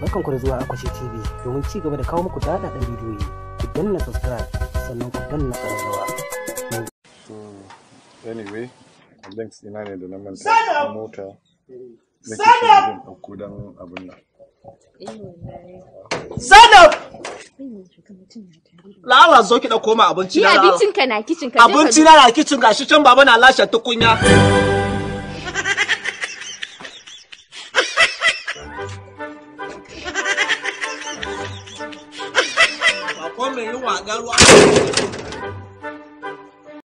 barkan ku da zuwa akwashe tv domin ci gaba da kawo muku daɗaɗɗen bidiyoyi ku danna subscribe sannan ku danna ƙararrawa anyway links ina ne da na manta mota nake shirin ɗauko don abin nan Zainab! Lala zo ki ɗauko ma abinci na. Ni abincin ka na kicin ka. Abinci na na kicin gashi can baba na lashe tukunya. 我没有玩的玩。